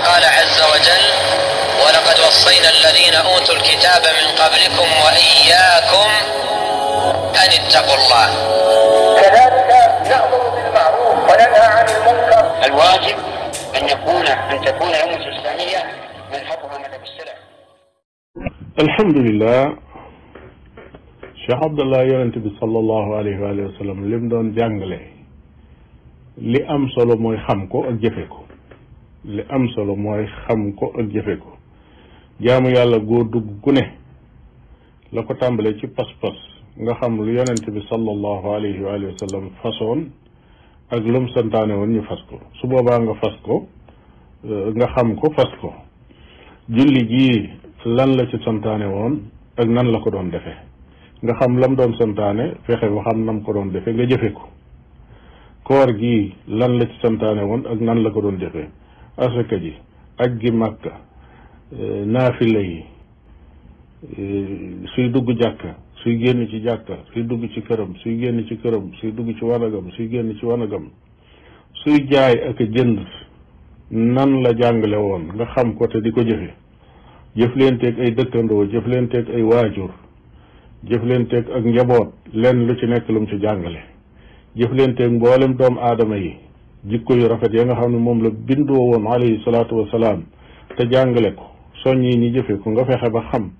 قال عز وجل ولقد وصينا الذين أوتوا الكتاب من قبلكم وإياكم أن اتقوا الله كذلك نأمر بالمعروف وننهى عن المنكر الواجب أن يكون أن تكون أمة الإسلامية منحتها مذهب السلف الحمد لله شيخ عبد الله bi صلى الله عليه واله وسلم doon jàngale li am solo mooy xam ko ak li am solo mooy xam ko ak jëfe ko jaamu yàlla goo dugg ku ne la ko tàmbalee ci pas-pas nga xam lu yonent bi sallallahu alayhi wa sallam fasoon ak lum santaane woon ñu fas ko su boobaa nga fas ko euh, nga xam ko fas ko julli jii lan la ci santaane woon ak nan la ko doon defe nga xam lam doon santaane fexe ba xam nam ko doon defe nga jëfe ko koor gii lan la ci santaane woon ak nan la ko doon defe asaka ji ak gi màkka eh, naafila yi eh, suy dugg jàkka suy génn ci jàkka suy dugg ci këram suy génn ci këram suy dugg ci wanagam suy génn ci wanagam suy jaay ak a jënd nan la jàngale woon nga xam ko te di ko jëfe jëflenteeg ay dëkkandoo jëflenteeg ay waajur jëflenteeg ak njaboot lenn lu ci nekk lu mu ci jàngale jëflenteeg mboolem doomu aadama yi jikko yu rafet ya nga xam ne moom la bindoo woon alayhi salaatu wasalaam te jàngale ko soññi ñu jëfe ko nga fexe ba xam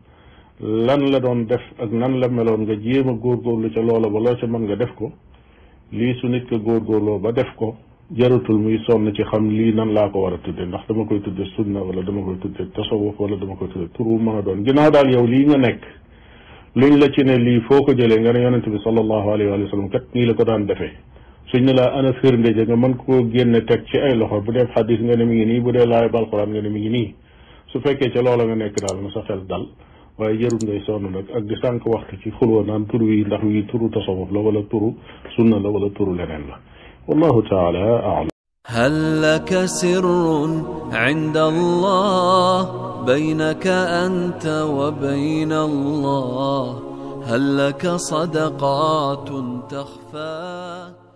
lan la doon def ak nan la meloon nga jéem a góorgóorlu ca loola ba loo ca man nga def ko lii su nit ko góorgóorloo ba def ko jarutul muy sonn ci xam lii nan laa ko war a tudde ndax dama koy tudde sunna wala dama koy tudde tasawuf wala dama koy tudde tur wu mën a doon ginnaaw daal yow lii nga nekk luñ la ci ne lii foo ko jëlee nga ne yonente bi sallallahu alayhi wa sallam kat nii la ko daan defee سيدنا أنا سير من جنگ من كو جن نتك شيء أي لحظة بدأ حديث عن ميني بدأ لا يبال عن ميني سوف يكشف الله لنا كرال مسافر دال ويجرون ده إنسان لك أجسان كوقت كي خلوا نان تروي نحوي ترو تصور لا ولا ترو سنة لا ولا ترو لنا والله تعالى أعلم هل لك سر عند الله بينك أنت وبين الله هل لك صدقات تخفى